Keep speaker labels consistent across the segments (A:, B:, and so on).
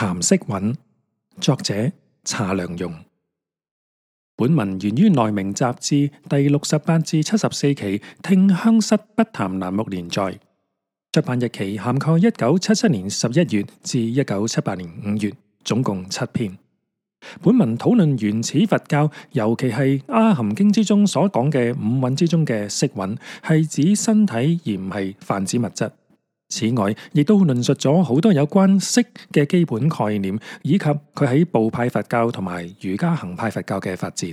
A: 談色蘊，作者查良鏞。本文源於《內明》雜誌第六十八至七十四期《聽香室筆談》欄目連載。出版日期涵蓋一九七七年十一月至一九七八年五月，總共七篇。本文討論原始佛教，尤其係《阿含經》之中所講嘅五蘊之中嘅色蘊，係指身體而唔係泛指物質。此外，亦都論述咗好多有關色嘅基本概念，以及佢喺部派佛教同埋瑜伽行派佛教嘅發展。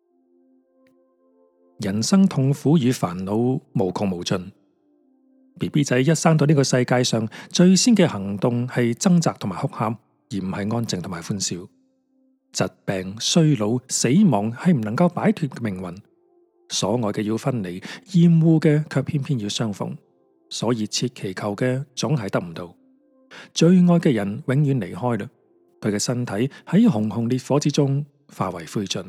A: 人生痛苦與煩惱無窮無盡。B B 仔一生到呢個世界上，最先嘅行動係掙扎同埋哭喊，而唔係安靜同埋歡笑。疾病、衰老、死亡係唔能夠擺脫命運。所愛嘅要分離，厭惡嘅卻偏偏要相逢。所以切祈求嘅總係得唔到，最愛嘅人永遠離開啦。佢嘅身體喺熊熊烈火之中化為灰燼，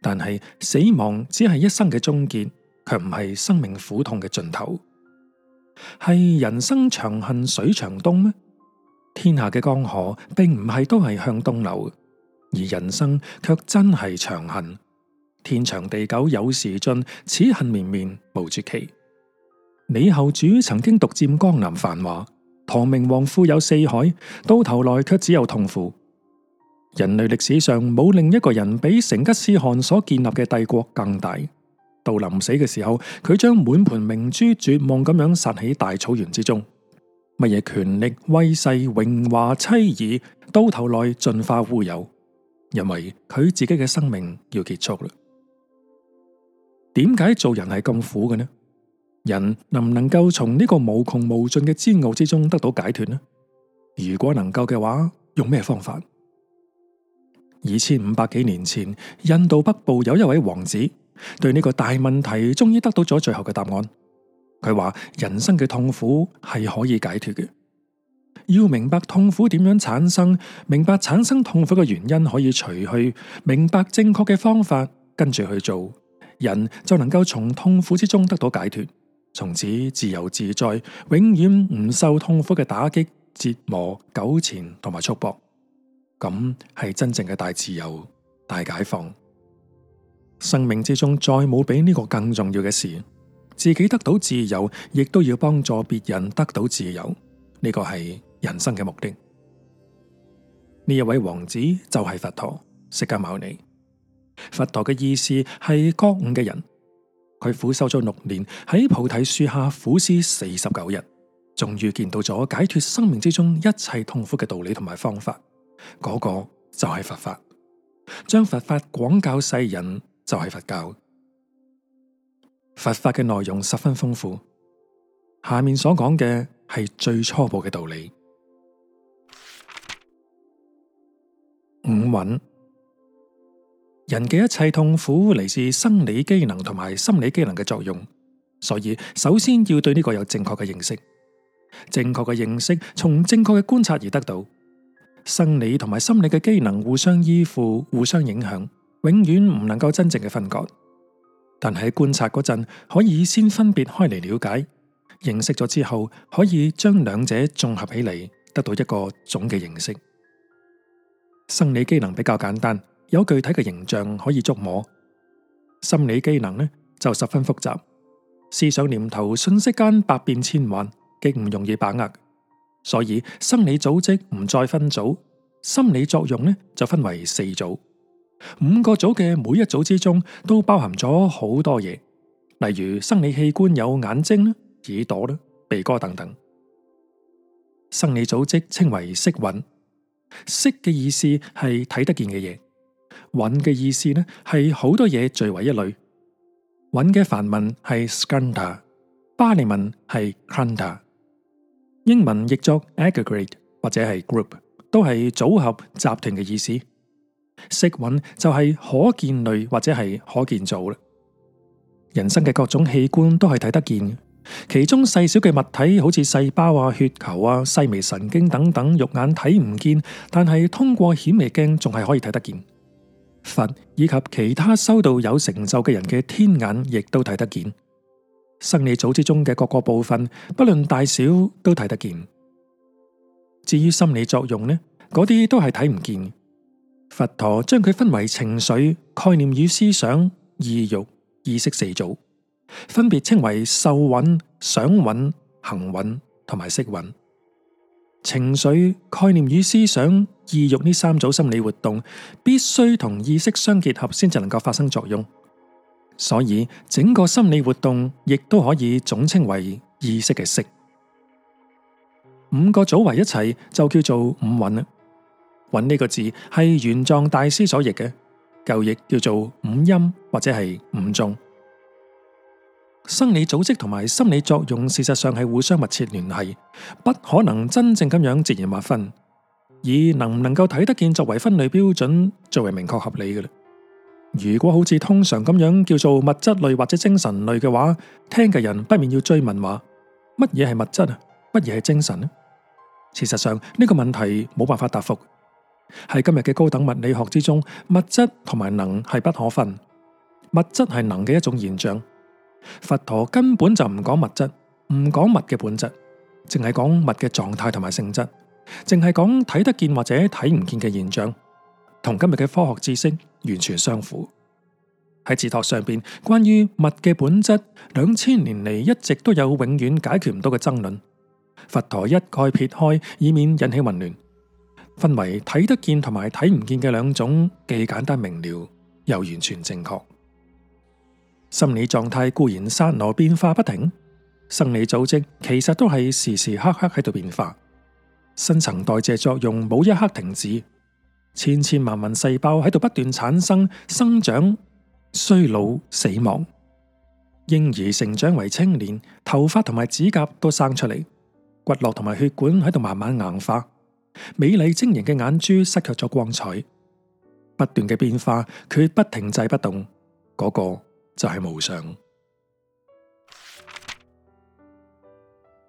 A: 但係死亡只係一生嘅終結，卻唔係生命苦痛嘅盡頭。係人生長恨水長東咩？天下嘅江河並唔係都係向東流，而人生卻真係長恨。天長地久有時盡，此恨綿綿無絕期。李後主曾經獨佔江南繁華，唐明皇富有四海，到頭來卻只有痛苦。人類歷史上冇另一個人比成吉思汗所建立嘅帝國更大。到臨死嘅時候，佢將滿盤明珠絕望咁樣撒喺大草原之中，乜嘢權力、威勢、榮華、妻兒，到頭來盡化烏有。因為佢自己嘅生命要結束啦。點解做人係咁苦嘅呢？人能唔能夠從呢個無窮無盡嘅煎熬之中得到解脱呢？如果能夠嘅話，用咩方法？二千五百幾年前，印度北部有一位王子，對呢個大問題終於得到咗最後嘅答案。佢話，人生嘅痛苦係可以解脱嘅，要明白痛苦點樣產生，明白產生痛苦嘅原因，可以除去，明白正確嘅方法，跟住去做，人就能夠從痛苦之中得到解脱。從此自由自在，永遠唔受痛苦嘅打擊、折磨、糾纏同埋束縛，咁係真正嘅大自由、大解放。生命之中再冇比呢個更重要嘅事。自己得到自由，亦都要幫助別人得到自由，呢個係人生嘅目的。呢一位王子就係佛陀釋迦牟尼。佛陀嘅意思係覺悟嘅人。佢苦修咗六年，喺菩提樹下苦思四十九日，終於見到咗解脫生命之中一切痛苦嘅道理同埋方法。嗰個就係佛法，將佛法廣教世人就係佛教。佛法嘅內容十分豐富，下面所講嘅係最初步嘅道理。五蘊。人嘅一切痛苦嚟自生理機能同埋心理機能嘅作用，所以首先要對呢個有正確嘅認識。正確嘅認識從正確嘅觀察而得到。生理同埋心理嘅機能互相依附，互相影響，永遠唔能夠真正嘅分割。但係觀察嗰陣，可以先分別開嚟了解，認識咗之後，可以將兩者綜合起嚟，得到一個總嘅認識。生理機能比較簡單。有具體嘅形象可以捉摸，心理機能呢就十分複雜，思想念頭瞬息間百變千幻，極唔容易把握。所以生理組織唔再分組，心理作用呢就分為四組，五個組嘅每一組之中都包含咗好多嘢，例如生理器官有眼睛耳朵啦、鼻哥等等。生理組織稱為色蘊，色嘅意思係睇得見嘅嘢。蘊嘅意思呢，係好多嘢聚為一類。蘊嘅梵文係 skandha，巴尼文係 khandha，英文譯作 aggregate 或者係 group，都係組合、集團嘅意思。色蘊就係可見類或者係可見組啦。人生嘅各種器官都係睇得見嘅，其中細小嘅物體，好似細胞啊、血球啊、細微神經等等，肉眼睇唔見，但係通過顯微鏡仲係可以睇得見。佛以及其他修道有成就嘅人嘅天眼，亦都睇得見生理組織中嘅各個部分，不論大小都睇得見。至於心理作用呢，嗰啲都係睇唔見。佛陀將佢分為情緒、概念與思想、意欲、意識四組，分別稱為受蘊、想蘊、行蘊同埋識蘊。情緒、概念與思想、意欲呢三組心理活動，必須同意識相結合，先至能夠發生作用。所以整個心理活動，亦都可以總稱為意識嘅色。五個組為一齊，就叫做五蘊啦。蘊呢個字係玄奘大師所譯嘅，舊譯叫做五陰，或者係五眾。生理組織同埋心理作用，事實上係互相密切聯繫，不可能真正咁樣截然劃分。以能唔能夠睇得見作為分類標準，最為明確合理嘅啦。如果好似通常咁樣叫做物質類或者精神類嘅話，聽嘅人不免要追問話：乜嘢係物質啊？乜嘢係精神啊？事實上呢個問題冇辦法答復。喺今日嘅高等物理學之中，物質同埋能係不可分，物質係能嘅一種現象。佛陀根本就唔講物質，唔講物嘅本質，淨係講物嘅狀態同埋性質，淨係講睇得見或者睇唔見嘅現象，同今日嘅科學知識完全相符。喺字托上邊，關於物嘅本質，兩千年嚟，一直都有永遠解決唔到嘅爭論。佛陀一概撇開，以免引起混亂，分為睇得見同埋睇唔見嘅兩種，既簡單明了又完全正確。心理狀態固然剎那變化不停，生理組織其實都係時時刻刻喺度變化，新陳代謝作用冇一刻停止，千千萬萬細胞喺度不斷產生、生長、衰老、死亡。嬰兒成長為青年，頭髮同埋指甲都生出嚟，骨骼同埋血管喺度慢慢硬化，美麗晶瑩嘅眼珠失卻咗光彩。不斷嘅變化，佢不停滯不動嗰、那個。就係無常，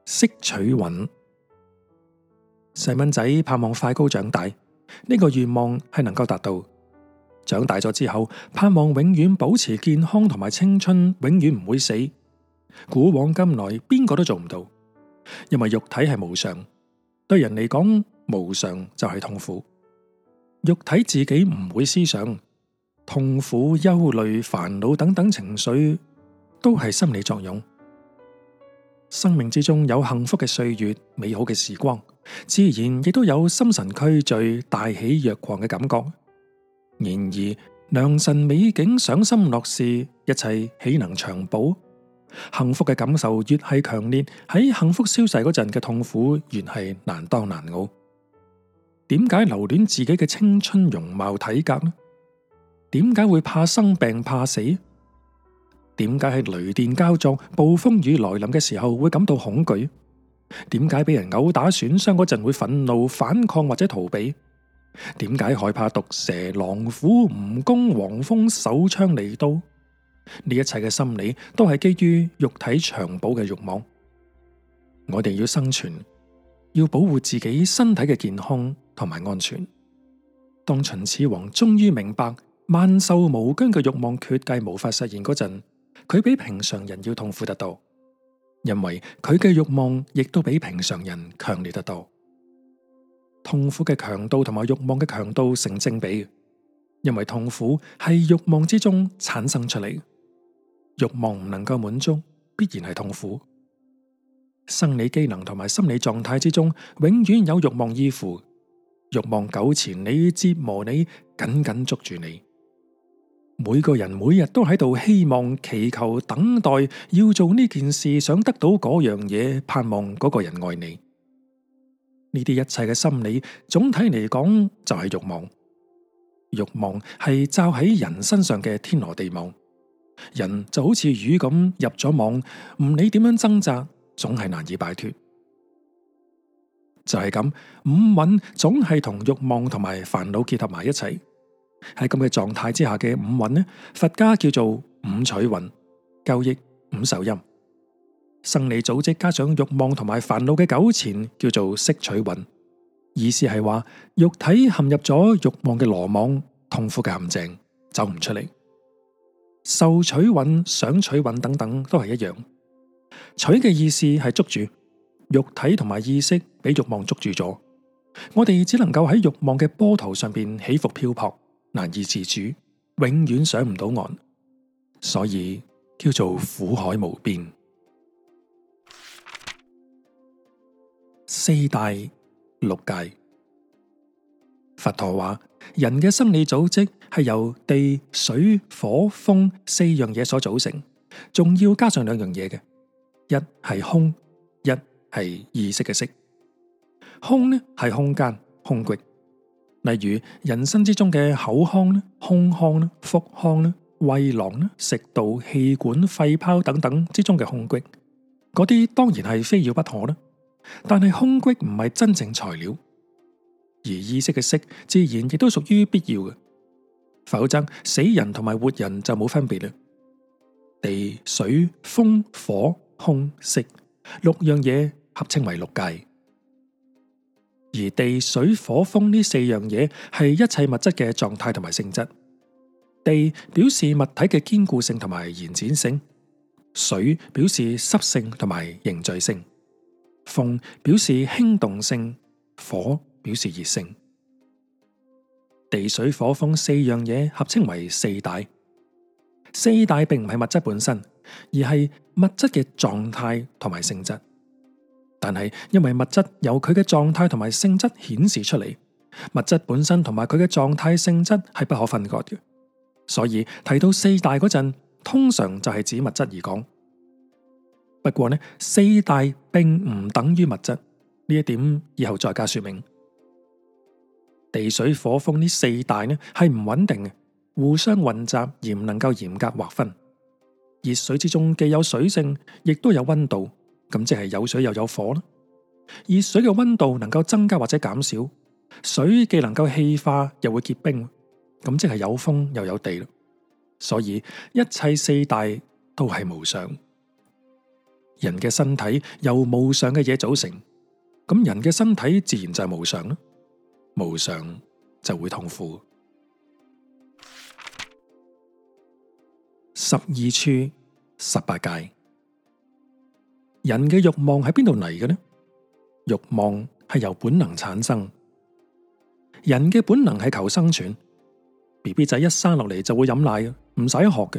A: 識取蘊。細蚊仔盼望快高長大，呢個願望係能夠達到。長大咗之後，盼望永遠保持健康同埋青春，永遠唔會死。古往今來，邊個都做唔到，因為肉體係無常。對人嚟講，無常就係痛苦。肉體自己唔會思想。痛苦、憂慮、煩惱等等情緒，都係心理作用。生命之中有幸福嘅歲月、美好嘅時光，自然亦都有心神俱醉、大喜若狂嘅感覺。然而良辰美景賞心樂事，一切豈能長保？幸福嘅感受越係強烈，喺幸福消逝嗰陣嘅痛苦，越係難當難熬。點解留戀自己嘅青春容貌、體格呢？點解會怕生病、怕死？點解喺雷電交撞、暴風雨來臨嘅時候會感到恐懼？點解俾人毆打、損傷嗰陣會憤怒、反抗或者逃避？點解害怕毒蛇、狼虎、蜈蚣、黃蜂、手槍、利刀？呢一切嘅心理都係基於肉體長保嘅慾望。我哋要生存，要保護自己身體嘅健康同埋安全。當秦始皇終於明白，萬壽無疆嘅欲望決計無法實現嗰陣，佢比平常人要痛苦得多，因為佢嘅欲望亦都比平常人強烈得多。痛苦嘅強度同埋欲望嘅強度成正比，因為痛苦喺欲望之中產生出嚟，欲望唔能夠滿足，必然係痛苦。生理機能同埋心理狀態之中，永遠有欲望依附，欲望糾纏你、折磨你、緊緊捉住你。每個人每日都喺度希望、祈求、等待，要做呢件事，想得到嗰樣嘢，盼望嗰個人愛你。呢啲一切嘅心理，總體嚟講就係欲望。欲望係罩喺人身上嘅天羅地網，人就好似魚咁入咗網，唔理點樣掙扎，總係難以擺脫。就係咁，五蘊總係同欲望同埋煩惱結合埋一齊。喺咁嘅狀態之下嘅五蘊呢？佛家叫做五取蘊，舊譯五受陰。生理組織加上欲望同埋煩惱嘅糾纏，叫做色取蘊。意思係話，肉體陷入咗欲望嘅羅網，痛苦嘅陷阱，走唔出嚟。受取蘊、想取蘊等等都係一樣。取嘅意思係捉住，肉體同埋意識俾欲望捉住咗，我哋只能夠喺欲望嘅波濤上邊起伏漂泊。難以自主，永遠上唔到岸，所以叫做苦海無邊。四大六界，佛陀話：人嘅生理組織係由地、水、火、風四樣嘢所組成，仲要加上兩樣嘢嘅，一係空，一係意識嘅識。空呢係空間，空域。例如，人身之中嘅口腔呢、胸腔呢、腹腔呢、胃囊呢、食道、氣管、肺泡等等之中嘅空隙，嗰啲當然係非要不可啦。但係空隙唔係真正材料，而意識嘅識自然亦都屬於必要嘅，否則死人同埋活人就冇分別啦。地、水、風、火、空、識，六樣嘢合稱為六界。而地、水、火、風呢四樣嘢係一切物質嘅狀態同埋性質。地表示物體嘅堅固性同埋延展性，水表示濕性同埋凝聚性，風表示輕動性，火表示熱性。地、水、火、風四樣嘢合稱為四大。四大並唔係物質本身，而係物質嘅狀態同埋性質。但係，因為物質由佢嘅狀態同埋性質顯示出嚟，物質本身同埋佢嘅狀態性質係不可分割嘅。所以提到四大嗰陣，通常就係指物質而講。不過呢，四大並唔等於物質，呢一點以後再加說明。地水火風呢四大呢，係唔穩定嘅，互相混雜而唔能夠嚴格劃分。熱水之中既有水性，亦都有溫度。咁即係有水又有火啦，熱水嘅溫度能夠增加或者減少，水既能夠氣化又會結冰，咁即係有風又有地啦。所以一切四大都係無常，人嘅身體由無常嘅嘢組成，咁人嘅身體自然就係無常啦，無常就會痛苦。十二處十八界。人嘅欲望喺邊度嚟嘅呢？欲望係由本能產生，人嘅本能係求生存。BB 仔一生落嚟就會飲奶嘅，唔使學嘅，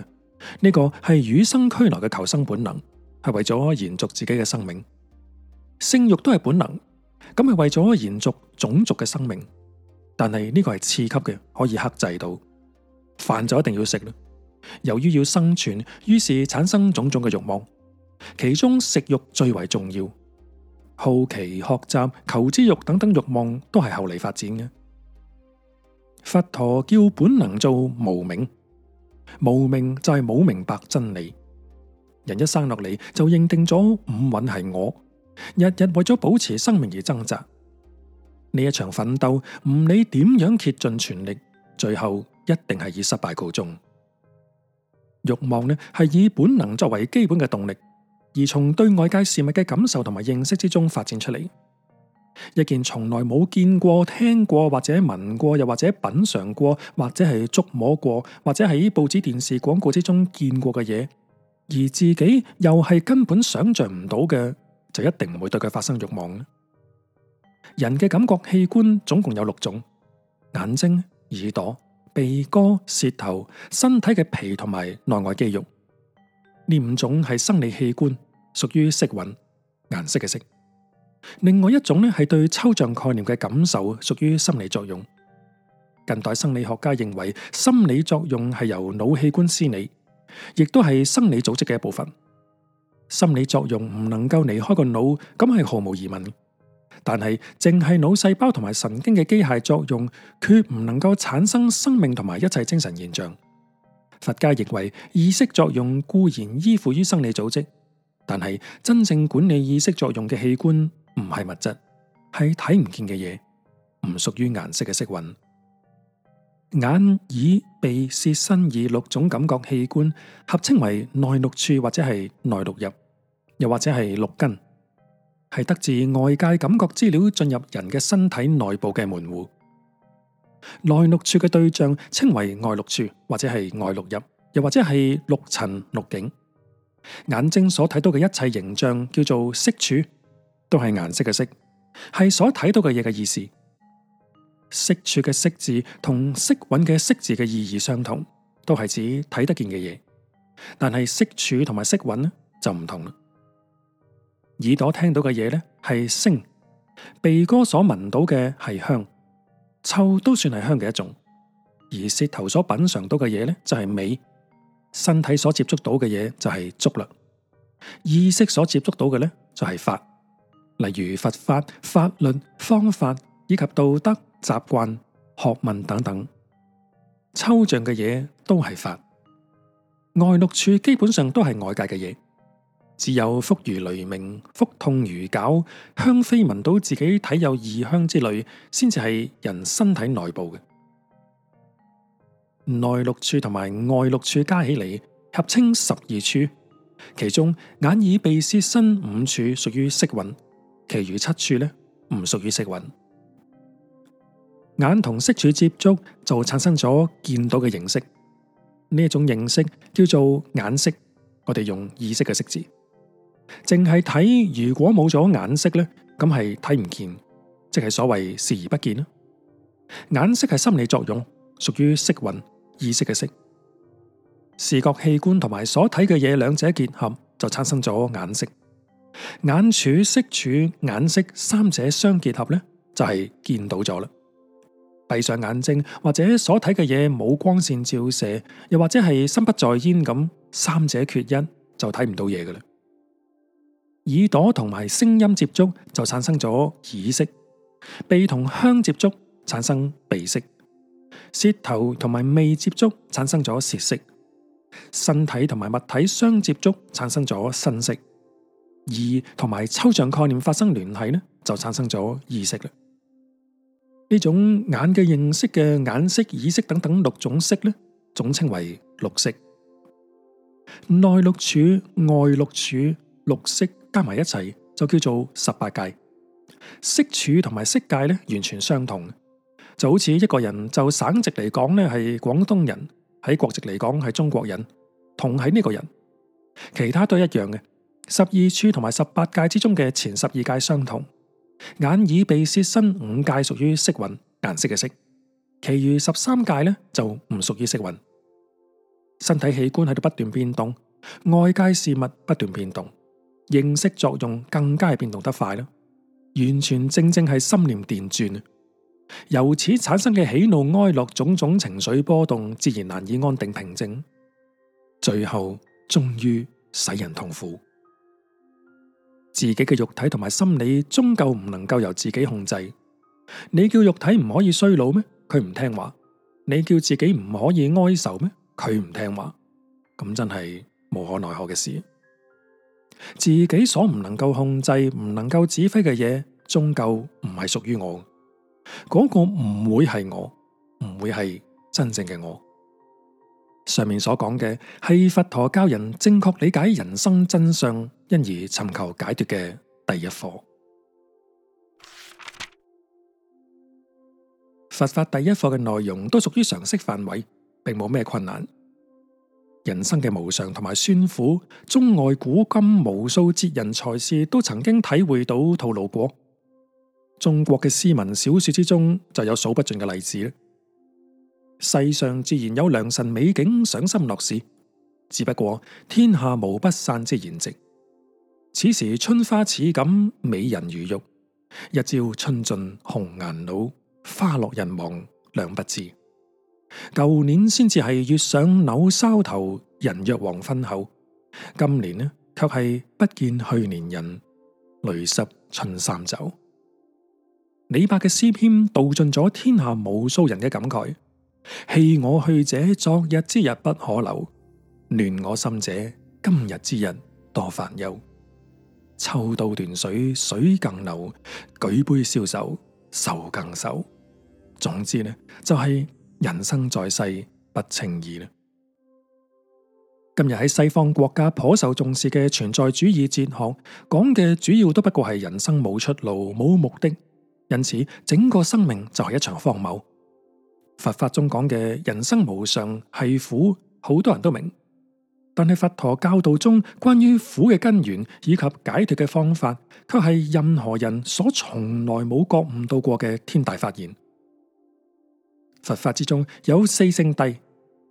A: 呢個係與生俱來嘅求生本能，係為咗延續自己嘅生命。性欲都係本能，咁係為咗延續種族嘅生命。但係呢個係次級嘅，可以克制到。飯就一定要食啦。由於要生存，於是產生種種嘅欲望。其中食欲最為重要，好奇、學習、求知欲等等欲望都係後嚟發展嘅。佛陀叫本能做無明，無明就係冇明白真理。人一生落嚟就認定咗五蘊係我，日日為咗保持生命而掙扎。呢一場奮鬥，唔理點樣竭盡全力，最後一定係以失敗告終。欲望呢，係以本能作為基本嘅動力。而從對外界事物嘅感受同埋認識之中發展出嚟，一件從來冇見過、聽過或者聞過，又或者品嘗過，或者係觸摸過，或者喺報紙、電視、廣告之中見過嘅嘢，而自己又係根本想象唔到嘅，就一定唔會對佢發生欲望。人嘅感覺器官總共有六種：眼睛、耳朵、鼻哥、舌頭、身體嘅皮同埋內外肌肉。呢五種係生理器官，屬於色蘊，顏色嘅色。另外一種呢，係對抽象概念嘅感受，屬於心理作用。近代生理學家認為，心理作用係由腦器官司理，亦都係生理組織嘅一部分。心理作用唔能夠離開個腦，咁係毫無疑問。但係淨係腦細胞同埋神經嘅機械作用，卻唔能夠產生生命同埋一切精神現象。佛家認為意識作用固然依附於生理組織，但係真正管理意識作用嘅器官唔係物質，係睇唔見嘅嘢，唔屬於顏色嘅色蘊。眼、耳、鼻、舌、身、意六種感覺器官合稱為內六處或者係內六入，又或者係六根，係得自外界感覺資料進入人嘅身體內部嘅門戶。內六處嘅對象稱為外六處，或者係外六入，又或者係六塵六境。眼睛所睇到嘅一切形象叫做色處，都係顏色嘅色，係所睇到嘅嘢嘅意思。色處嘅色字同色蘊嘅色字嘅意義相同，都係指睇得見嘅嘢。但係色處同埋色蘊呢就唔同啦。耳朵聽到嘅嘢呢係聲，鼻哥所聞到嘅係香。臭都算係香嘅一種，而舌頭所品嘗到嘅嘢呢，就係、是、味；身體所接觸到嘅嘢就係觸啦，意識所接觸到嘅呢，就係、是、法，例如佛法、法律、方法以及道德、習慣、學問等等，抽象嘅嘢都係法，外六處基本上都係外界嘅嘢。只有腹如雷鳴，腹痛如絞，香妃聞到自己體有異香之類，先至係人身體內部嘅內六處同埋外六處加起嚟，合稱十二處。其中眼耳鼻舌身五處屬於色蘊，其餘七處呢唔屬於色蘊。眼同色處接觸就產生咗見到嘅形式，呢一種形式叫做眼色。我哋用意識嘅色字。淨係睇，如果冇咗眼色呢，咁係睇唔見，即係所謂視而不見咯。眼色係心理作用，屬於色蘊意識嘅色。視覺器官同埋所睇嘅嘢，兩者結合就產生咗眼色。眼處、色處、眼色三者相結合呢，就係見到咗啦。閉上眼睛，或者所睇嘅嘢冇光線照射，又或者係心不在焉咁，三者缺一就睇唔到嘢㗎喇。耳朵同埋聲音接觸就產生咗耳識，鼻同香接觸產生鼻識，舌頭同埋味接觸產生咗舌識，身體同埋物體相接觸產生咗身識，而同埋抽象概念發生聯繫呢，就產生咗意識啦。呢種眼嘅認識嘅眼識、耳識等等六種識呢，總稱為六識。內六處，外六處。六識加埋一齊就叫做十八界。色處同埋色界咧完全相同，就好似一個人，就省籍嚟講咧係廣東人，喺國籍嚟講係中國人，同喺呢個人，其他都一樣嘅。十二處同埋十八界之中嘅前十二界相同，眼耳鼻舌身五界屬於色蘊顏色嘅色，其餘十三界咧就唔屬於色蘊。身體器官喺度不斷變動，外界事物不斷變動。認識作用更加係變動得快啦，完全正正係心念電轉，由此產生嘅喜怒哀樂種種情緒波動，自然難以安定平靜，最後終於使人痛苦。自己嘅肉體同埋心理終究唔能夠由自己控制。你叫肉體唔可以衰老咩？佢唔聽話。你叫自己唔可以哀愁咩？佢唔聽話。咁真係無可奈何嘅事。自己所唔能夠控制、唔能夠指揮嘅嘢，終究唔係屬於我。嗰個唔會係我，唔會係真正嘅我。上面所講嘅係佛陀教人正確理解人生真相，因而尋求解脫嘅第一課。佛法第一課嘅內容都屬於常識範圍，並冇咩困難。人生嘅無常同埋酸苦，中外古今無數哲人才、才士都曾經體會到、吐露過。中國嘅詩文小說之中就有數不盡嘅例子。世上自然有良辰美景賞心樂事，只不過天下無不散之筵席。此時春花似錦，美人如玉，一朝春盡紅顏老，花落人亡兩不知。舊年先至係月上柳梢頭，人約黃昏後。今年呢，卻係不見去年人，淚濕春衫袖。李白嘅詩篇道盡咗天下無數人嘅感慨。棄我去者，昨日之日不可留；亂我心者，今日之日多煩憂。抽刀斷水，水更流；舉杯消愁，愁更愁。總之呢，就係、是。人生在世不稱意啦。今日喺西方國家頗受重視嘅存在主義哲學講嘅主要，都不過係人生冇出路、冇目的，因此整個生命就係一場荒謬。佛法中講嘅人生無常係苦，好多人都明，但係佛陀教導中關於苦嘅根源以及解脫嘅方法，卻係任何人所從來冇覺悟到過嘅天大發現。佛法之中有四聖諦，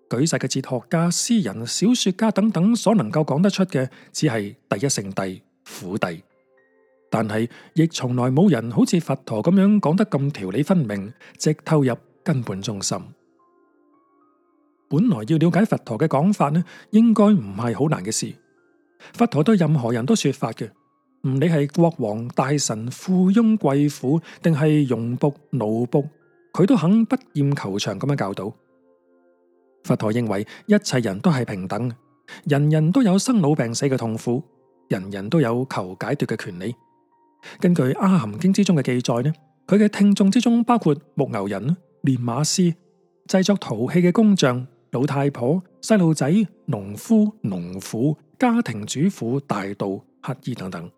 A: 舉世嘅哲學家、詩人、小說家等等所能夠講得出嘅，只係第一聖諦，苦諦。但係亦從來冇人好似佛陀咁樣講得咁條理分明，直透入根本中心。本來要了解佛陀嘅講法呢，應該唔係好難嘅事。佛陀對任何人都說法嘅，唔理係國王、大臣、富翁、貴婦，定係傭僕、奴僕。佢都肯不厭求詳，咁樣教導。佛陀認為一切人都係平等，人人都有生老病死嘅痛苦，人人都有求解脱嘅權利。根據《阿含經》之中嘅記載呢，佢嘅聽眾之中包括牧牛人、練馬師、製作陶器嘅工匠、老太婆、細路仔、農夫、農婦、家庭主婦、大道乞兒等等。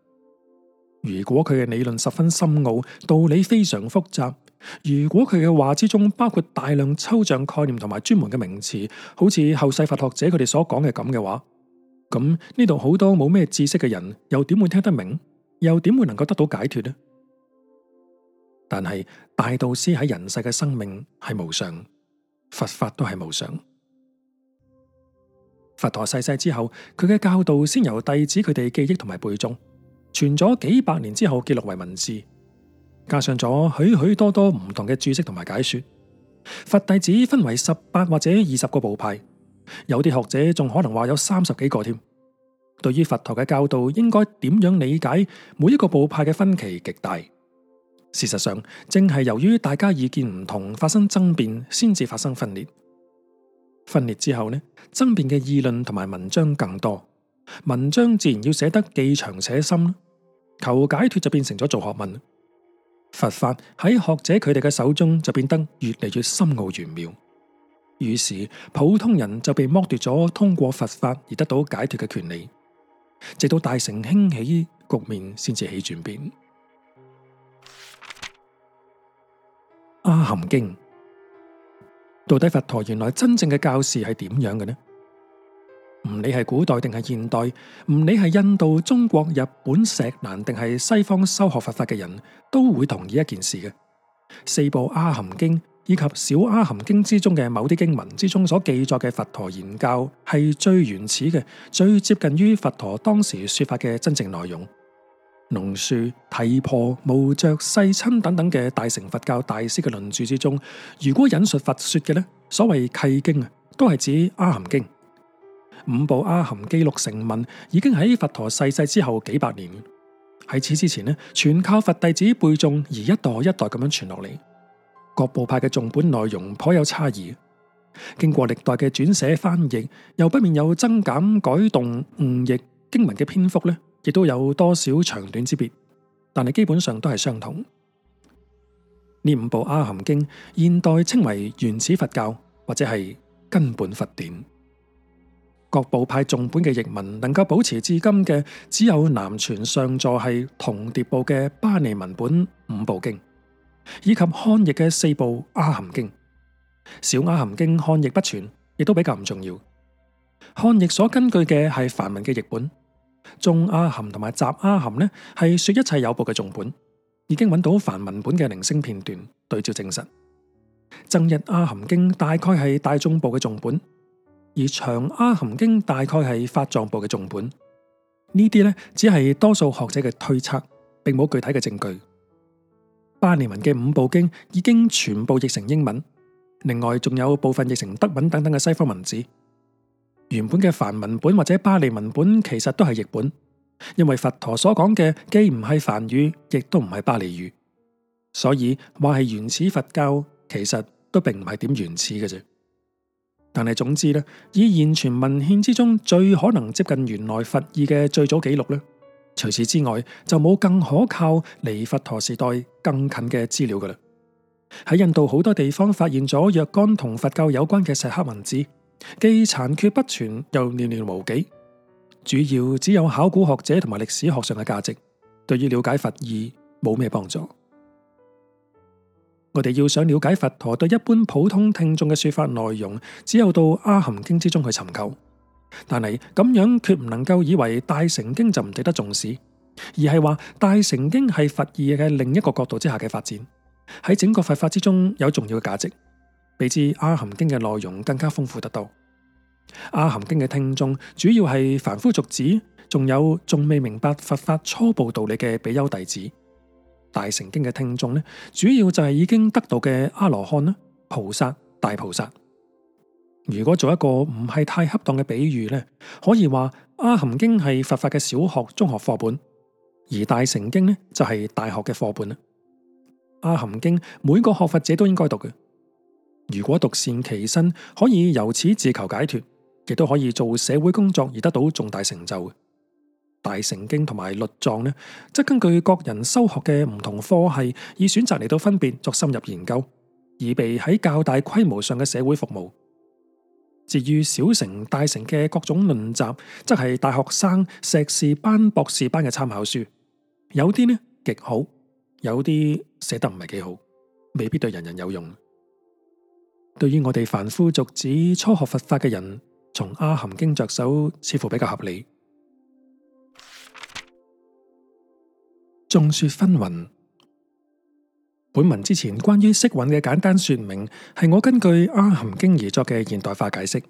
A: 如果佢嘅理論十分深奧，道理非常複雜，如果佢嘅話之中包括大量抽象概念同埋專門嘅名詞，好似後世佛學者佢哋所講嘅咁嘅話，咁呢度好多冇咩知識嘅人，又點會聽得明？又點會能夠得到解脫呢？但係大導師喺人世嘅生命係無常，佛法都係無常。佛陀逝世之後，佢嘅教導先由弟子佢哋記憶同埋背誦，傳咗幾百年之後記錄為文字。加上咗許許多多唔同嘅注釋同埋解說，佛弟子分為十八或者二十個部派，有啲學者仲可能話有三十幾個添。對於佛陀嘅教導，應該點樣理解？每一個部派嘅分歧極大。事實上，正係由於大家意見唔同，發生爭辯，先至發生分裂。分裂之後呢，爭辯嘅議論同埋文章更多，文章自然要寫得既長且深，求解脫就變成咗做學問。佛法喺學者佢哋嘅手中就變得越嚟越深奧玄妙，於是普通人就被剝奪咗通過佛法而得到解脫嘅權利。直到大乘興起，局面先至起轉變。阿含經到底佛陀原來真正嘅教示係點樣嘅呢？唔理係古代定係現代，唔理係印度、中國、日本、錫蘭定係西方修學佛法嘅人，都會同意一件事嘅。四部阿含經以及小阿含經之中嘅某啲經文之中所記載嘅佛陀言教，係最原始嘅，最接近於佛陀當時說法嘅真正內容。龍樹、提婆、無著、世親等等嘅大乘佛教大師嘅論著之中，如果引述佛說嘅呢，所謂契經啊，都係指阿含經。五部阿含記錄成文，已經喺佛陀逝世之後幾百年。喺此之前咧，全靠佛弟子背誦而一代一代咁樣傳落嚟。各部派嘅眾本內容頗有差異，經過歷代嘅轉寫翻譯，又不免有增減、改動、誤譯經文嘅篇幅呢亦都有多少長短之別。但係基本上都係相同。呢五部阿含經，現代稱為原始佛教或者係根本佛典。各部派重本嘅譯文能夠保持至今嘅，只有南傳上座系同碟部嘅巴尼文本五部經，以及漢譯嘅四部阿含經。小阿含經漢譯不全，亦都比較唔重要。漢譯所根據嘅係梵文嘅譯本。中阿含同埋雜阿含呢係說一切有部嘅重本，已經揾到梵文本嘅零星片段對照證實。增一阿含經大概係大眾部嘅重本。而長阿含經大概係法藏部嘅重本。呢啲呢只係多數學者嘅推測，並冇具體嘅證據。巴利文嘅五部經已經全部譯成英文，另外仲有部分譯成德文等等嘅西方文字。原本嘅梵文本或者巴利文本其實都係譯本，因為佛陀所講嘅既唔係梵語，亦都唔係巴利語，所以話係原始佛教，其實都並唔係點原始嘅啫。但係總之咧，以現存文獻之中最可能接近原來佛意嘅最早記錄咧，除此之外就冇更可靠離佛陀時代更近嘅資料噶啦。喺印度好多地方發現咗若干同佛教有關嘅石刻文字，既殘缺不全又寥寥無幾，主要只有考古學者同埋歷史學上嘅價值，對於了解佛意冇咩幫助。我哋要想了解佛陀對一般普通聽眾嘅說法內容，只有到《阿含經》之中去尋求。但係咁樣卻唔能夠以為《大乘經》就唔值得重視，而係話《大乘經》係佛義嘅另一個角度之下嘅發展，喺整個佛法之中有重要嘅價值。比之《阿含經》嘅內容更加豐富得多，《阿含經》嘅聽眾主要係凡夫俗子，仲有仲未明白佛法初步道理嘅比丘弟子。大乘經嘅聽眾呢，主要就係已經得到嘅阿羅漢啦、菩薩、大菩薩。如果做一個唔係太恰當嘅比喻呢，可以話阿含經係佛法嘅小學、中學課本，而大乘經呢就係大學嘅課本啦。阿含經每個學佛者都應該讀嘅。如果獨善其身，可以由此自求解脫；亦都可以做社會工作而得到重大成就大乘經同埋律藏呢，則根據各人修學嘅唔同科系，以選擇嚟到分別作深入研究，以備喺較大規模上嘅社會服務。至於小乘大乘嘅各種論集，則係大學生、碩士班、博士班嘅參考書。有啲呢極好，有啲寫得唔係幾好，未必對人人有用。對於我哋凡夫俗子初學佛法嘅人，從阿含經着手，似乎比較合理。眾說紛紜。本文之前關於色蘊嘅簡單說明，係我根據阿含經而作嘅現代化解釋。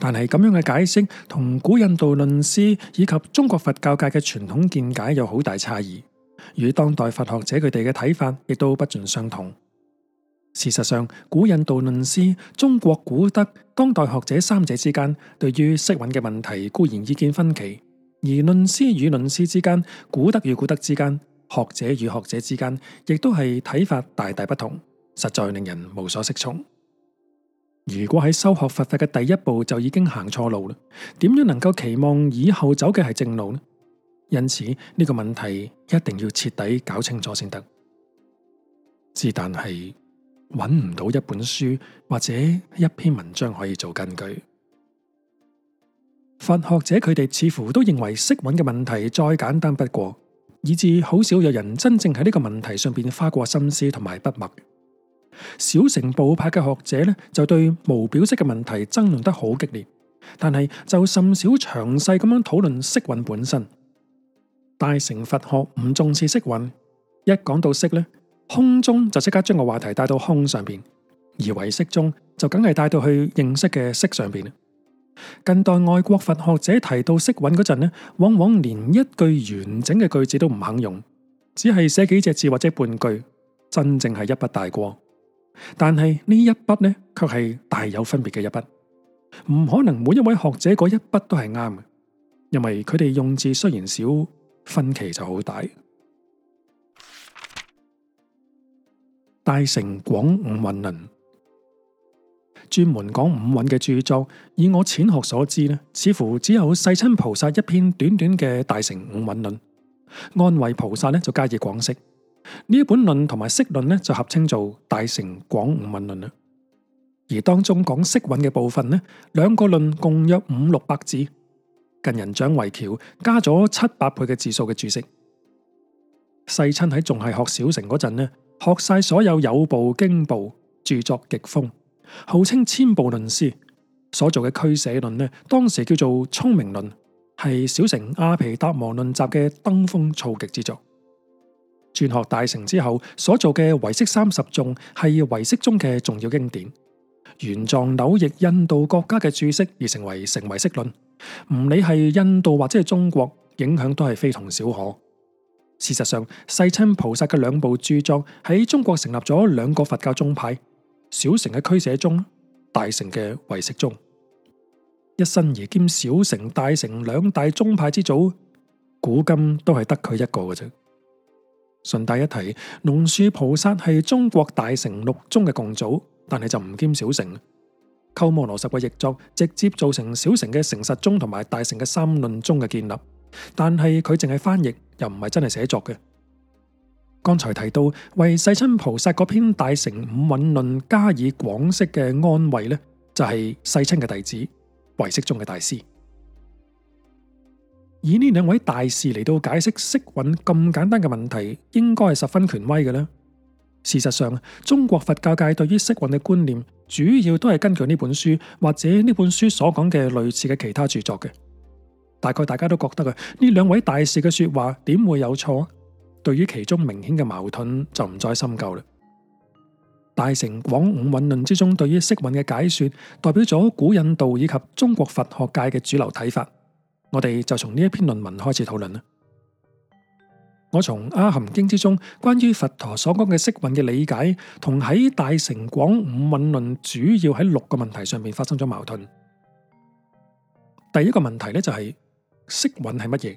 A: 但係咁樣嘅解釋，同古印度論師以及中國佛教界嘅傳統見解有好大差異，與當代佛學者佢哋嘅睇法亦都不盡相同。事實上，古印度論師、中國古德、當代學者三者之間，對於色蘊嘅問題固然意見分歧。而論師與論師之間，古德與古德之間，學者與學者之間，亦都係睇法大大不同，實在令人無所適從。如果喺修學佛法嘅第一步就已經行錯路啦，點樣能夠期望以後走嘅係正路呢？因此呢個問題一定要徹底搞清楚先得。之但係搵唔到一本書或者一篇文章可以做根據。佛學者佢哋似乎都認為色蘊嘅問題再簡單不過，以致好少有人真正喺呢個問題上邊花過心思同埋筆墨。小乘部派嘅學者咧就對無表色嘅問題爭論得好激烈，但係就甚少詳細咁樣討論色蘊本身。大乘佛學唔重視色蘊，一講到色呢，空宗就即刻將個話題帶到空上邊，而唯識宗就梗係帶到去認識嘅色上邊。近代外國佛學者提到色蘊嗰陣咧，往往連一句完整嘅句子都唔肯用，只係寫幾隻字或者半句，真正係一筆帶過。但係呢一筆呢，卻係大有分別嘅一筆，唔可能每一位學者嗰一筆都係啱嘅，因為佢哋用字雖然少，分歧就好大。大乘廣五蘊論。專門講五蘊嘅著作，以我淺學所知咧，似乎只有世親菩薩一篇短短嘅《大乘五蘊論》，安慧菩薩呢，就加以廣釋呢本論同埋釋論呢，就合稱做《大乘廣五蘊論》啦。而當中講色蘊嘅部分呢，兩個論共約五六百字，近人蔣維喬加咗七百倍嘅字數嘅注釋。世親喺仲係學小乘嗰陣咧，學晒所有有部經部著作極豐。號稱千部論師所做嘅俱舍論呢，當時叫做聰明論，係小乘阿毗達摩論集嘅登峰造極之作。轉學大乘之後所做嘅唯識三十頌，係唯識中嘅重要經典。原藏扭譯印度國家嘅注釋，而成為成唯識論。唔理係印度或者係中國，影響都係非同小可。事實上，世親菩薩嘅兩部著作喺中國成立咗兩個佛教宗派。小乘嘅俱舍宗，大乘嘅唯識宗，一身而兼小乘、大乘兩大宗派之祖，古今都係得佢一個嘅啫。順帶一提，龍樹菩薩係中國大乘六宗嘅共祖，但係就唔兼小乘。鳩摩羅什嘅譯作直接造成小乘嘅成實宗同埋大乘嘅三論宗嘅建立，但係佢淨係翻譯，又唔係真係寫作嘅。剛才提到為世親菩薩嗰篇《大乘五蘊論》加以廣釋嘅安慰呢，就係、是、世親嘅弟子，唯識宗嘅大師。以呢兩位大師嚟到解釋色蘊咁簡單嘅問題，應該係十分權威嘅呢。事實上，中國佛教界對於色蘊嘅觀念，主要都係根據呢本書或者呢本書所講嘅類似嘅其他著作嘅。大概大家都覺得啊，呢兩位大師嘅說話點會有錯？對於其中明顯嘅矛盾就唔再深究啦。大乘廣五蘊論之中對於色蘊嘅解說，代表咗古印度以及中國佛學界嘅主流睇法。我哋就從呢一篇論文開始討論啦。我從阿含經之中關於佛陀所講嘅色蘊嘅理解，同喺大乘廣五蘊論主要喺六個問題上面發生咗矛盾。第一個問題咧就係、是、色蘊係乜嘢？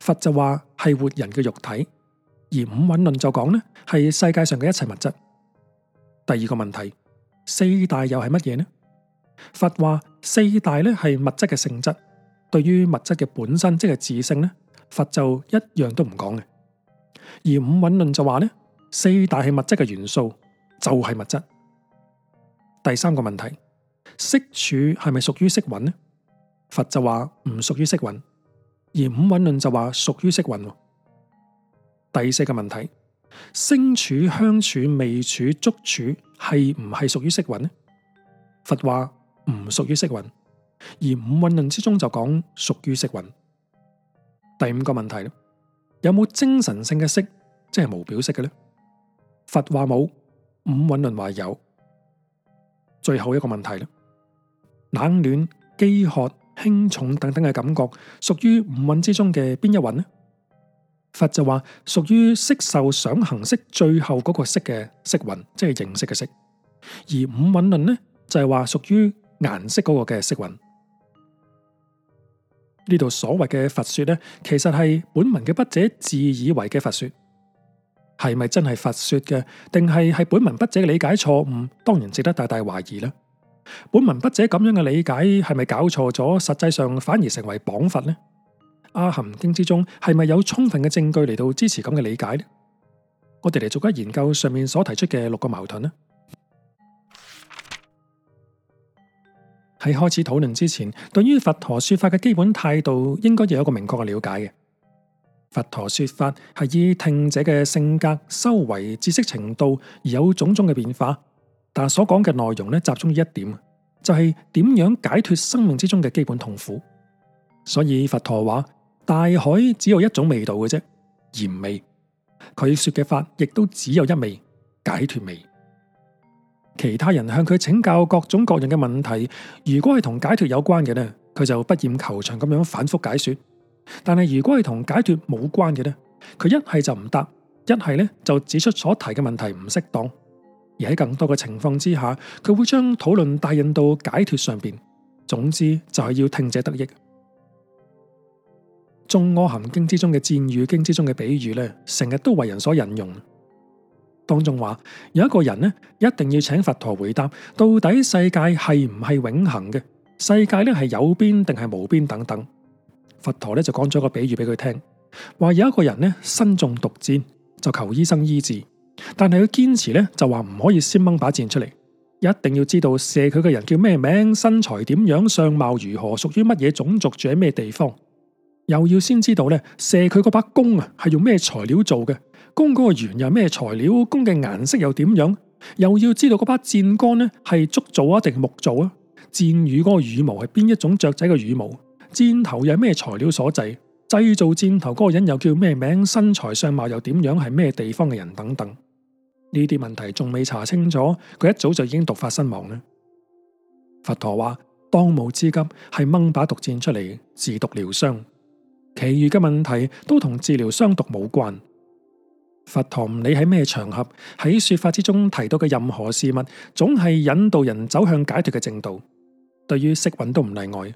A: 佛就話係活人嘅肉體，而五蘊論就講呢係世界上嘅一切物質。第二個問題，四大又係乜嘢呢？佛話四大呢係物質嘅性質，對於物質嘅本身即係自性呢？佛就一樣都唔講嘅，而五蘊論就話呢四大係物質嘅元素，就係、是、物質。第三個問題，色處係咪屬於色蘊呢？佛就話唔屬於色蘊。而五蘊論就話屬於色蘊。第四個問題，聲處、香處、味處、觸處係唔係屬於色蘊呢？佛話唔屬於色蘊，而五蘊論之中就講屬於色蘊。第五個問題啦，有冇精神性嘅色，即係無表色嘅咧？佛話冇，五蘊論話有。最後一個問題啦，冷暖、飢渴，輕重等等嘅感覺，屬於五蘊之中嘅邊一蘊呢？佛就話屬於色受想行識最後嗰個色嘅色蘊，即係形色嘅色。而五蘊論呢就係話屬於顏色嗰個嘅色蘊。呢度所謂嘅佛說呢，其實係本文嘅筆者自以為嘅佛說，係咪真係佛說嘅？定係係本文筆者理解錯誤？當然值得大大懷疑啦。本文筆者咁樣嘅理解係咪搞錯咗？實際上反而成為謗佛呢？阿含經之中係咪有充分嘅證據嚟到支持咁嘅理解呢？我哋嚟逐一研究上面所提出嘅六個矛盾呢？喺開始討論之前，對於佛陀說法嘅基本態度，應該要有一個明確嘅了解嘅。佛陀說法係以聽者嘅性格、修為、知識程度而有種種嘅變化。但所講嘅內容咧，集中於一點，就係點樣解脫生命之中嘅基本痛苦。所以佛陀話，大海只有一種味道嘅啫，鹽味。佢說嘅法亦都只有一味，解脫味。其他人向佢請教各種各樣嘅問題，如果係同解脫有關嘅呢，佢就不厭求長咁樣反復解說；但係如果係同解脫冇關嘅呢，佢一係就唔答，一係咧就指出所提嘅問題唔適當。而喺更多嘅情況之下，佢會將討論帶引到解脫上邊。總之就係要聽者得益。《中阿含經》之中嘅《箭喻經》之中嘅比喻咧，成日都為人所引用。當中話有一個人呢，一定要請佛陀回答到底世界係唔係永恆嘅？世界咧係有邊定係無邊？等等。佛陀咧就講咗個比喻俾佢聽，話有一個人呢，身中毒箭，就求醫生醫治。但係佢堅持咧，就話唔可以先掹把箭出嚟，一定要知道射佢嘅人叫咩名、身材點樣、相貌如何、屬於乜嘢種族、住喺咩地方，又要先知道咧射佢嗰把弓啊係用咩材料做嘅，弓嗰個弦又咩材料，弓嘅顏色又點樣，又要知道嗰把箭杆咧係竹做啊定木做啊，箭羽嗰個羽毛係邊一種雀仔嘅羽毛，箭頭又係咩材料所製，製造箭頭嗰個人又叫咩名、身材相貌又點樣係咩地方嘅人等等。呢啲問題仲未查清楚，佢一早就已經毒發身亡啦。佛陀話：當務之急係掹把毒箭出嚟，自毒療傷，其餘嘅問題都同治療傷毒冇關。佛陀唔理喺咩場合，喺說法之中提到嘅任何事物，總係引導人走向解脫嘅正道。對於色蘊都唔例外。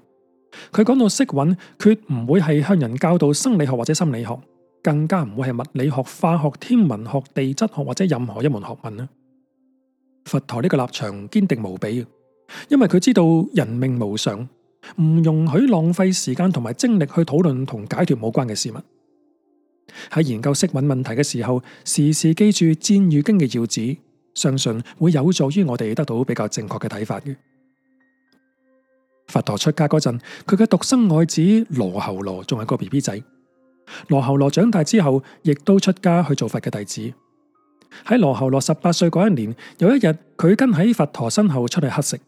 A: 佢講到色蘊，絕唔會係向人教導生理學或者心理學。更加唔會係物理學、化學、天文學、地質學或者任何一門學問啦。佛陀呢個立場堅定無比，因為佢知道人命無常，唔容許浪費時間同埋精力去討論同解脫冇關嘅事物。喺研究色蘊問題嘅時候，時時記住《箭喻經》嘅要旨，相信會有助於我哋得到比較正確嘅睇法嘅。佛陀出家嗰陣，佢嘅獨生愛子羅睺羅仲係個 B B 仔。羅喉羅長大之後，亦都出家去做佛嘅弟子。喺羅喉羅十八歲嗰一年，有一日，佢跟喺佛陀身後出去乞食。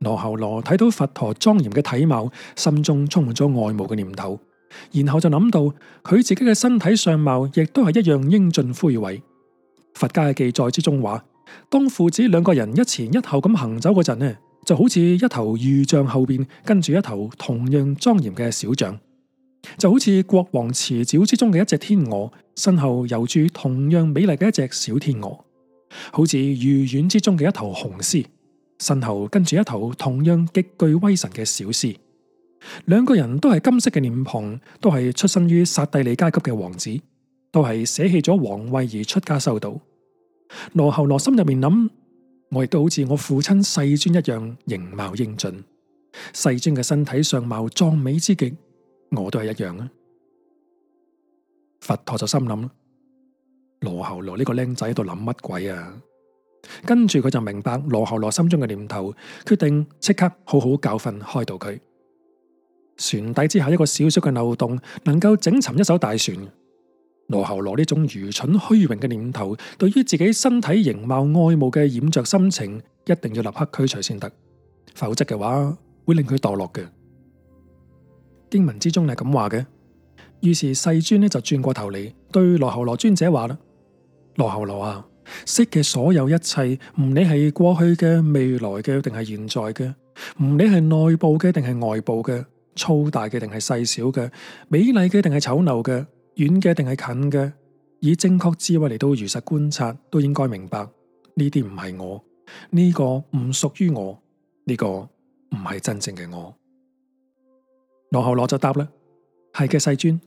A: 羅喉羅睇到佛陀莊嚴嘅體貌，心中充滿咗愛慕嘅念頭，然後就諗到佢自己嘅身體相貌亦都係一樣英俊魁偉。佛家嘅記載之中話，當父子兩個人一前一後咁行走嗰陣呢，就好似一頭御象後邊跟住一頭同樣莊嚴嘅小象。就好似國王池沼之中嘅一隻天鵝，身後游住同樣美麗嘅一隻小天鵝；好似御苑之中嘅一頭雄獅，身後跟住一頭同樣極具威神嘅小獅。兩個人都係金色嘅臉龐，都係出身於剎帝利階級嘅王子，都係捨棄咗王位而出家修道。羅睺羅心入面諗：我亦都好似我父親世尊一樣，形貌英俊。世尊嘅身體相貌壯美之極。我都係一樣啊！佛陀就心諗啦，羅喉羅呢個僆仔喺度諗乜鬼啊？跟住佢就明白羅喉羅心中嘅念頭，決定即刻好好教訓開導佢。船底之下一個小小嘅漏洞，能夠整沉一艘大船。羅喉羅呢種愚蠢虛榮嘅念頭，對於自己身體形貌愛慕嘅染着心情，一定要立刻驅除先得，否則嘅話會令佢墮落嘅。經文之中係咁話嘅，於是世尊呢就轉過頭嚟對羅喉羅尊者話啦：羅喉羅啊，識嘅所有一切，唔理係過去嘅、未來嘅，定係現在嘅；唔理係內部嘅，定係外部嘅；粗大嘅，定係細小嘅；美麗嘅，定係醜陋嘅；遠嘅，定係近嘅，以正確智慧嚟到如實觀察，都應該明白呢啲唔係我，呢個唔屬於我，呢個唔係真正嘅我。羅喉羅就答啦：係嘅，世尊。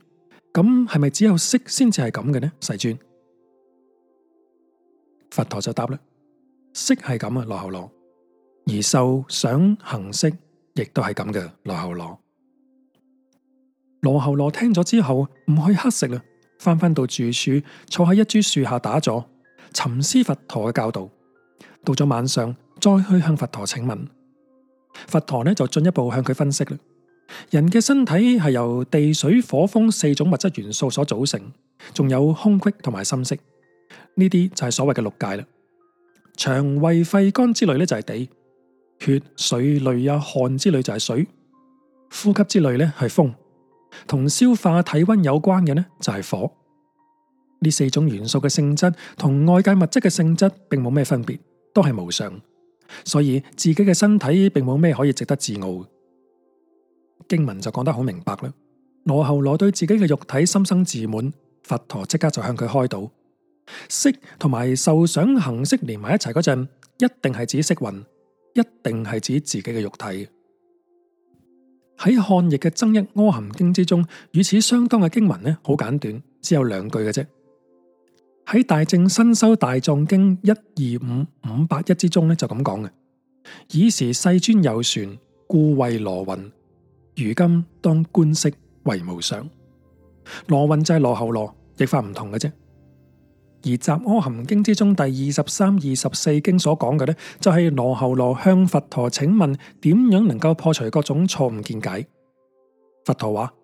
A: 咁係咪只有色先至係咁嘅呢？世尊，佛陀就答啦：色係咁啊，羅喉羅。而受想行識亦都係咁嘅，羅喉羅。羅喉羅聽咗之後，唔去乞食啦，翻返到住處，坐喺一株樹下打坐，沉思佛陀嘅教導。到咗晚上，再去向佛陀請問。佛陀呢就進一步向佢分析啦。人嘅身體係由地、水、火、風四種物質元素所組成，仲有空隙同埋心識。呢啲就係所謂嘅六界啦。腸胃、肺、肝之類咧就係地，血、水、淚啊、汗之類就係水，呼吸之類咧係風，同消化體溫有關嘅呢就係、是、火。呢四種元素嘅性質同外界物質嘅性質並冇咩分別，都係無常，所以自己嘅身體並冇咩可以值得自傲。經文就講得好明白啦。羅侯羅對自己嘅肉體心生自滿，佛陀即刻就向佢開導：色同埋受想行識連埋一齊嗰陣，一定係指色蘊，一定係指自己嘅肉體。喺 漢譯嘅《增一阿含經》之中，與此相當嘅經文呢，好簡短，只有兩句嘅啫。喺《大正新修大藏經》一二五五八一之中呢，就咁講嘅：以時世尊有船，故為羅雲。如今當觀色為無常，羅雲就係羅睺羅，譯法唔同嘅啫。而《雜阿含經》之中第二十三、二十四經所講嘅呢，就係、是、羅睺羅向佛陀請問點樣能夠破除各種錯誤見解。佛陀話：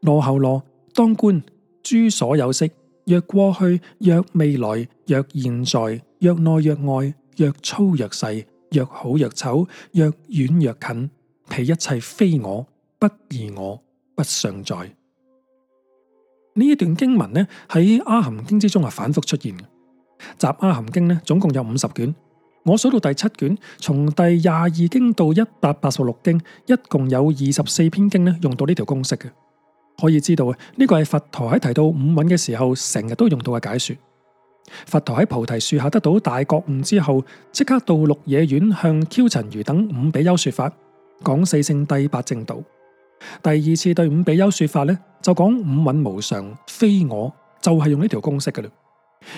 A: 羅睺羅當觀，諸所有色，若過去，若未來，若現在，若內若外，若粗若細，若好若醜，若遠若近，彼一切非我。不異我不相在，呢一段經文呢，喺阿含經之中係反覆出現嘅。雜阿含經呢，總共有五十卷，我數到第七卷，從第廿二經到一百八十六經，一共有二十四篇經呢，用到呢條公式嘅。可以知道啊呢、這個係佛陀喺提到五蘊嘅時候成日都用到嘅解說。佛陀喺菩提樹下得到大覺悟之後，即刻到鹿野苑向憍陳如等五比丘說法，講四聖諦八正道。第二次對五比丘說法咧，就講五蘊無常，非我，就係、是、用呢條公式嘅啦。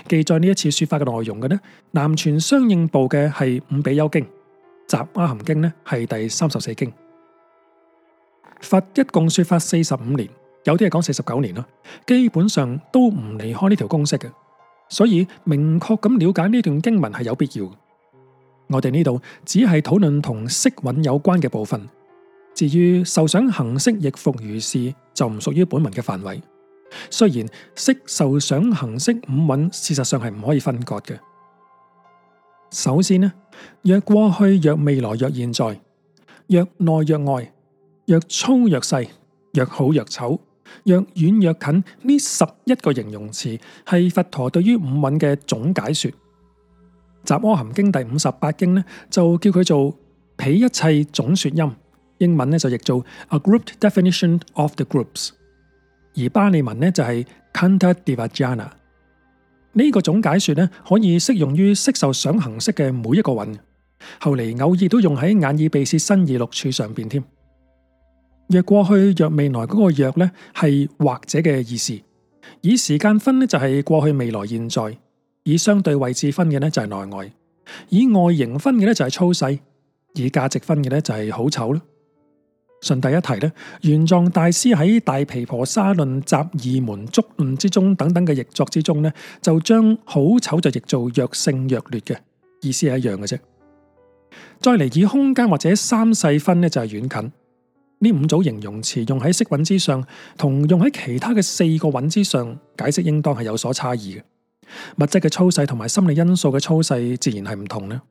A: 記載呢一次說法嘅內容嘅呢，南傳相應部嘅係五比丘經，雜阿含經呢係第三十四經。佛一共說法四十五年，有啲係講四十九年啦，基本上都唔離開呢條公式嘅，所以明確咁了解呢段經文係有必要。我哋呢度只係討論同色蘊有關嘅部分。至於受想行識亦復如是，就唔屬於本文嘅範圍。雖然色受想行識五蘊事實上係唔可以分割嘅。首先呢，若過去若未來若現在，若內若外，若粗若細，若好若醜，若遠若近，呢十一個形容詞係佛陀對於五蘊嘅總解說。《雜阿含經》第五十八經呢，就叫佢做彼一切總說陰。英文咧就譯做 a group definition of the groups，而巴利文呢就係 kanta divajana。呢、這個總解説呢，可以適用於適用於色受想行識嘅每一個蘊。後嚟偶爾都用喺眼耳鼻舌身意六處上邊添。若過去若未來嗰個若咧，係或者嘅意思。以時間分呢就係過去未來現在。以相對位置分嘅呢就係內外。以外形分嘅呢就係粗細。以價值分嘅呢就係好醜咯。順第一題咧，玄奘大師喺《大毗婆沙論》《集異門足論》觸之中等等嘅譯作之中咧，就將好醜就譯做若勝若劣，嘅意思係一樣嘅啫。再嚟以空間或者三世分咧，就係遠近。呢五組形容詞用喺色蘊之上，同用喺其他嘅四個蘊之上解釋，應當係有所差異嘅。物質嘅粗細同埋心理因素嘅粗細，自然係唔同啦。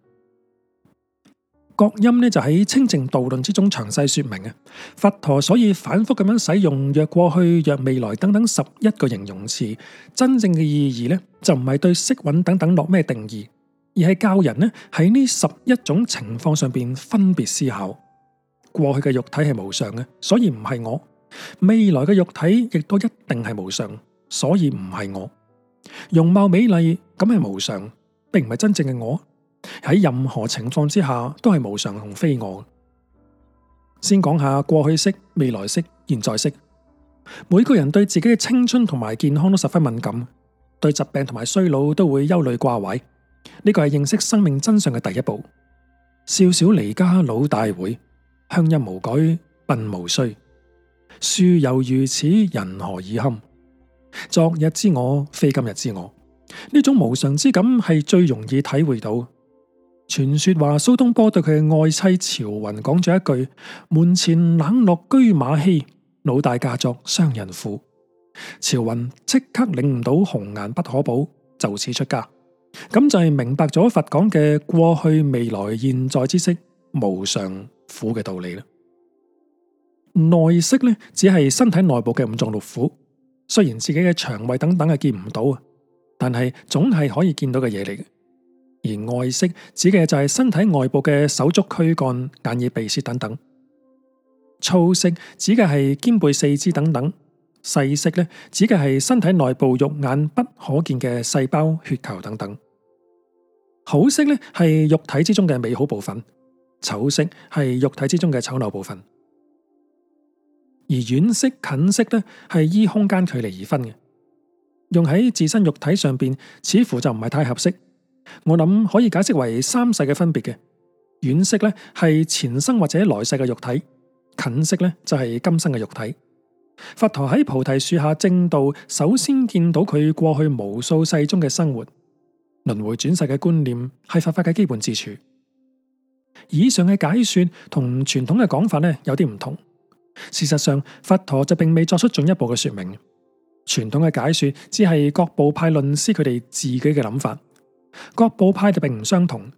A: 國音咧就喺清淨道論之中詳細說明啊！佛陀所以反復咁樣使用若過去、若未來等等十一個形容詞，真正嘅意義咧就唔係對色蘊等等落咩定義，而係教人咧喺呢十一種情況上邊分別思考。過去嘅肉體係無常嘅，所以唔係我；未來嘅肉體亦都一定係無常，所以唔係我。容貌美麗咁係無常，並唔係真正嘅我。喺任何情況之下都係無常同非我。先講下過去式、未來式、現在式。每個人對自己嘅青春同埋健康都十分敏感，對疾病同埋衰老都會憂慮掛懷。呢個係認識生命真相嘅第一步。少小離家老大回，鄉音無改鬢毛衰。樹猶如此，人何以堪？昨日之我，非今日之我。呢種無常之感係最容易體會到。傳說話蘇東坡對佢嘅愛妻朝雲講咗一句：門前冷落居馬稀，老大嫁作商人婦。朝雲即刻領悟到紅顏不可保，就此出家。咁就係明白咗佛講嘅過去、未來、現在之色無常苦嘅道理啦。內色咧，只係身體內部嘅五臟六腑，雖然自己嘅腸胃等等係見唔到啊，但係總係可以見到嘅嘢嚟嘅。而外色指嘅就係身體外部嘅手足軀幹眼耳鼻舌等等，粗色指嘅係肩背四肢等等，細色咧指嘅係身體內部肉眼不可見嘅細胞血球等等，好色咧係肉體之中嘅美好部分，醜色係肉體之中嘅醜陋部分。而遠色近色咧係依空間距離而分嘅，用喺自身肉體上邊似乎就唔係太合適。我諗可以解釋為三世嘅分別嘅，遠色咧係前生或者來世嘅肉體，近色咧就係今生嘅肉體。佛陀喺菩提樹下證道，首先見到佢過去無數世中嘅生活，輪回轉世嘅觀念係佛法嘅基本之處。以上嘅解說同傳統嘅講法咧有啲唔同。事實上，佛陀就並未作出進一步嘅說明。傳統嘅解說只係各部派論師佢哋自己嘅諗法。各部派就並唔相同，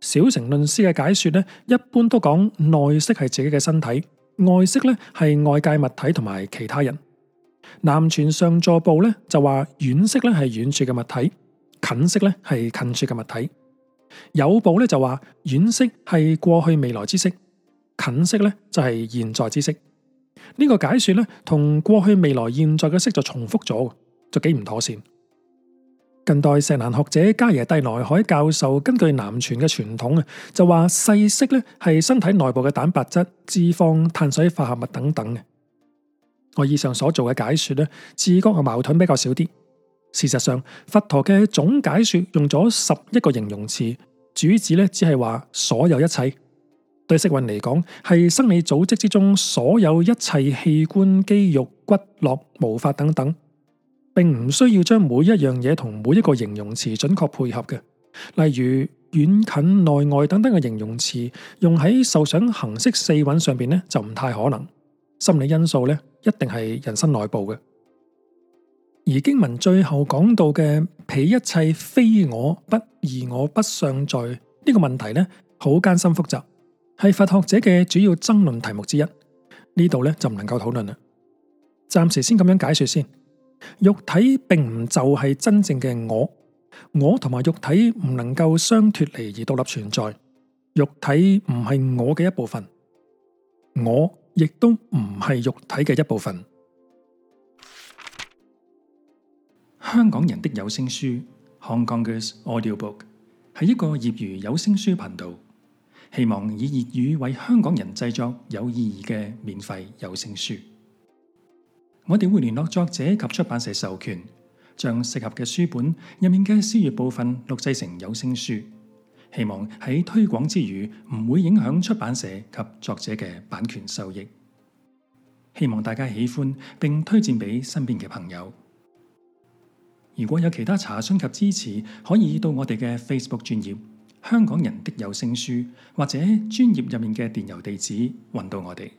A: 小乘論師嘅解說咧，一般都講內色係自己嘅身體，外色咧係外界物體同埋其他人。南傳上座部咧就話遠色咧係遠處嘅物體，近色咧係近處嘅物體。有部咧就話遠色係過去未來之色，近色咧就係現在之色。呢、這個解說咧同過去未來現在嘅色就重複咗，就幾唔妥善。近代錫蘭學者加耶蒂內海教授根據南傳嘅傳統啊，就話細色咧係身體內部嘅蛋白質、脂肪、碳水化合物等等嘅。我以上所做嘅解說咧，自覺啊矛盾比較少啲。事實上，佛陀嘅總解說用咗十一個形容詞，主旨咧只係話所有一切對色蘊嚟講係生理組織之中所有一切器官、肌肉、骨骼、毛髮等等。並唔需要將每一樣嘢同每一個形容詞準確配合嘅。例如遠近內外等等嘅形容詞用喺受想行識四蘊上邊咧，就唔太可能。心理因素咧，一定係人生內部嘅。而經文最後講到嘅彼一切非我不而我不相在呢個問題咧，好艱深複雜，係佛學者嘅主要爭論題目之一。呢度咧就唔能夠討論啦，暫時先咁樣解說先。肉體並唔就係真正嘅我，我同埋肉體唔能夠相脫離而獨立存在。肉體唔係我嘅一部分，我亦都唔係肉體嘅一部分。香港人的有聲書《Hong Kongers Audio Book》係一個業餘有聲書頻道，希望以粵語為香港人製作有意義嘅免費有聲書。我哋會聯絡作者及出版社授權，將適合嘅書本入面嘅書頁部分錄製成有聲書，希望喺推廣之餘唔會影響出版社及作者嘅版權收益。希望大家喜歡並推薦俾身邊嘅朋友。如果有其他查詢及支持，可以到我哋嘅 Facebook 專業《香港人的有聲書》或者專業入面嘅電郵地址，搵到我哋。